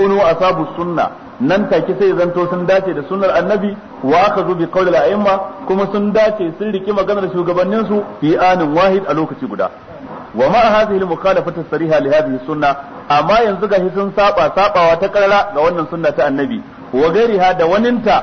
kunu asabu sunna nan take sai zanto sun dace da sunnar annabi wa akhadhu bi a al-a'imma kuma sun dace sun riki maganar shugabannin su fi anin wahid a lokaci guda wa ma hadhihi al-mukhalafatu sariha li suna sunna amma yanzu gashi sun saba sabawa ta karara ga wannan sunna ta annabi wa gairiha da waninta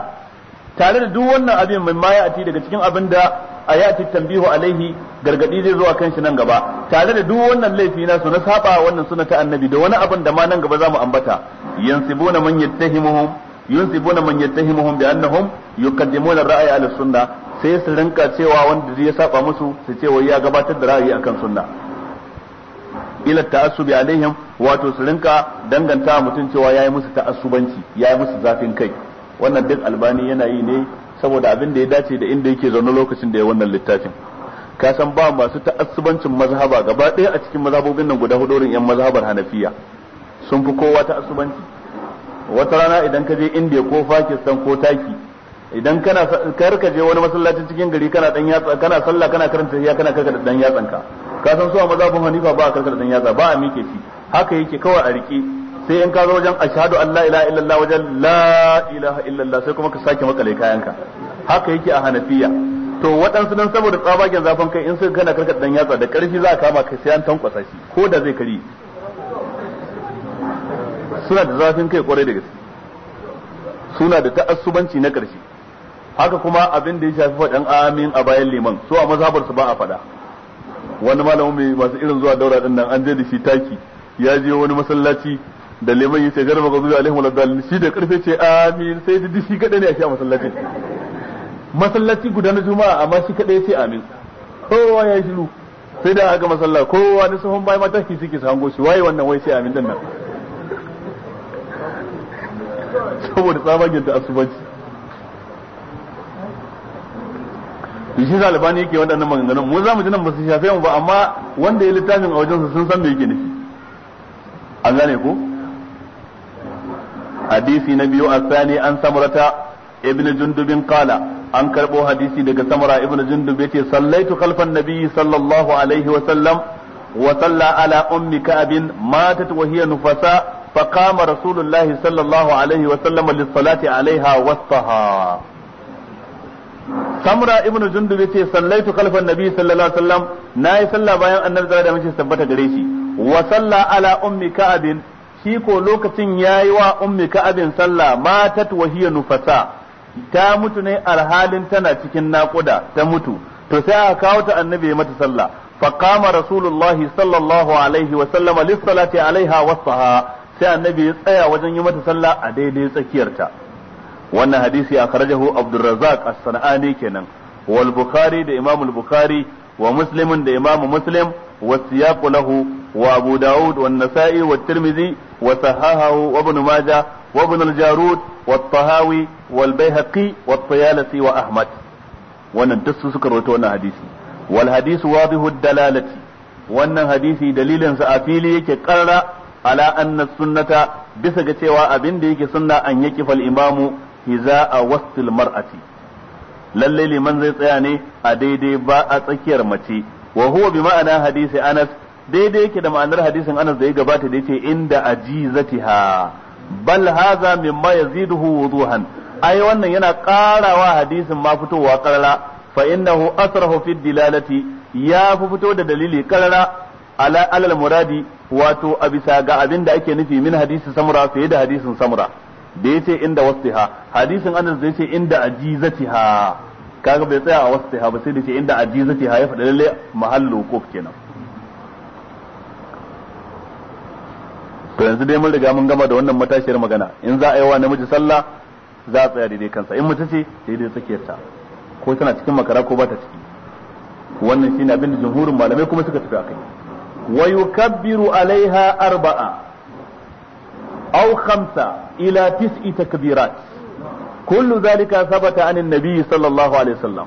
tare da duk wannan abin mai maya ati daga cikin abin da ayati tambihu alaihi gargadi zai zo kan shi nan gaba tare da duk wannan laifi na su na saba wannan sunna ta annabi da wani abin da ma nan gaba zamu ambata yansibuna man yattahimuhum yunsibuna man yattahimuhum bi annahum yuqaddimuna ra'ayi ala sunna sai su rinka cewa wanda ya saba musu su ce wai ya gabatar da ra'ayi akan sunna ila ta'assubi alaihim wato su rinka danganta mutum cewa yayi musu ta'assubanci yayi musu zafin kai wannan duk albani yana yi ne saboda abin da ya dace da inda yake zaune lokacin da ya wannan littafin ka san ba masu ta'assubancin mazhaba gaba ɗaya a cikin mazhabobin nan guda hudu yan mazhabar hanafiya sun fi kowa ta asubanci wata rana idan ka je indiya ko pakistan ko taki idan kana kar ka je wani masallacin cikin gari kana dan yatsa kana sallah kana karanta ya kana karkar dan yatsan ka ka san su a mazhabin hanifa ba a dan yatsa ba a mike shi haka yake kawai a rike sai in ka zo wajen ashhadu an la ilaha illallah wajen la ilaha illallah sai kuma ka sake makale kayanka haka yake a hanafiya to waɗansu nan saboda tsabagen zafin kai in sun kana karkata dan yatsa da ƙarfi za a kama ka sai an tankwasa shi ko da zai kari suna da zafin kai kwarai da gaske suna da ta'assubanci na ƙarshe haka kuma abin da ya shafi faɗan amin a bayan liman su a mazhabar su ba a faɗa wani malamin mai masu irin zuwa daura din nan an je da shi taki ya je wani masallaci da liman ya ce garba ga zuwa alaihi waladal shi da karfe ce amin sai da shi kadai ne a shi a masallacin masallaci guda na juma'a amma shi kadai ya ce amin kowa ya shiru sai da aka masalla kowa ne sahun bayan mataki suke su hango shi waye wannan wai sai amin din nan saboda tsabagen da asubanci to shi zalibani yake waɗannan maganganun mu za mu ji nan ba su shafe mu ba amma wanda ya littafin a wajensa sun san me yake nufi an gane ko hadisi na biyu a sani an samurata ibn jundubin kala an karɓo hadisi daga samura ibn jundub yace sallaitu Kalfan nabiyyi sallallahu alaihi wa sallam wa salla ala ummi Ka'abin matat wa hiya nufasa فقام رسول الله صلى الله عليه وسلم للصلاة عليها وسطها samra ibnu jundub yace sallaitu khalfan nabi sallallahu alaihi wasallam nayi sallah bayan annabi da mace tabbata gare shi wa salla ala ummi ka'ab shi ko lokacin yayi wa ummi ka'abin sallah matat wa hiya nufasa ta mutu ne alhalin tana cikin naƙuda ta mutu to sai kawo ta annabi ya mata sallah fa sallallahu alaihi alaiha sai annabi ya tsaya wajen yi mata sallah a daidai tsakiyarta wannan hadisi akhrajahu abdurrazzaq as-sanani kenan wal bukhari da imam al-bukhari wa muslimin da imam muslim wa siyaqu lahu wa abu daud wa nasai wa tirmidhi wa sahahahu wa ibn majah wa ibn al-jarud wa tahawi wal bayhaqi wa tayalisi wa ahmad wannan duk su suka rawaito wannan hadisi wal hadisu wadihu dalalati wannan hadisi dalilin sa a fili yake karra ala anna sunnata bisa ga cewa abin da yake sunna an yaki fal imamu hiza a wasil mar'ati lalle liman zai tsaya ne a daidai ba a tsakiyar mace wa huwa bi ma'ana hadisi anas daidai yake da ma'anar hadisin anas da ya gabata da yace inda ajizatiha bal hadha mimma yaziduhu wuduhan ai wannan yana karawa hadisin ma fitowa karara fa innahu asrahu fi dilalati ya fi fito da dalili karara ala alal muradi wato a bisa ga abin da ake nufi min hadisi samura fiye da hadisin samura da ce inda wasfiha hadisin anas da ce inda ajizatiha kaga bai tsaya a wasfiha ba sai da ce inda ajizatiha ya faɗa lalle mahallu kof kenan to yanzu dai mun riga mun gama da wannan matashiyar magana in za a yi wa namiji sallah za a tsaya daidai kansa in mace ce daidai tsakiyarta ko tana cikin makara ko ba ta ciki wannan shine abin da jumhurin malamai kuma suka tafi akai ويكبر عليها أربعة أو خمسة إلى تسع تكبيرات كل ذلك ثبت عن النبي صلى الله عليه وسلم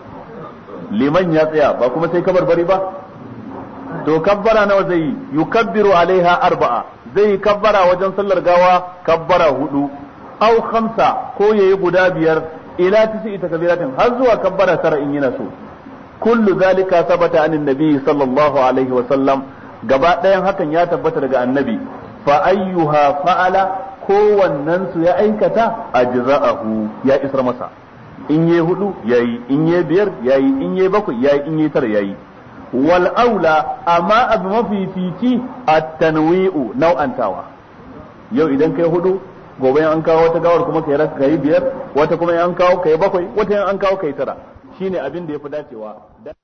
liman ya tsaya ba kuma sai kabar bari ba to kabbara nawa zai yi yukabbiru alaiha arba'a zai yi kabbara wajen sallar gawa kabbara hudu au khamsa ko yayi guda biyar ila tisi takbiratin har zuwa kabbara tara in yana so kullu zalika anin sallallahu alaihi wa sallam gaba ɗayan hakan ya tabbata daga annabi fa ayyuha fa'ala kowannen su ya aikata ajza'ahu ya isar masa in yi hudu yayi in yi biyar yayi in yi bakwai yayi in yi tara yayi wal aula amma abu mafi fici at-tanwi'u nau'antawa yau idan kai hudu gobe an kawo wata gawar kuma kai raka kai biyar wata kuma an kawo kai bakwai wata an kawo kai tara shine abin da yafi dacewa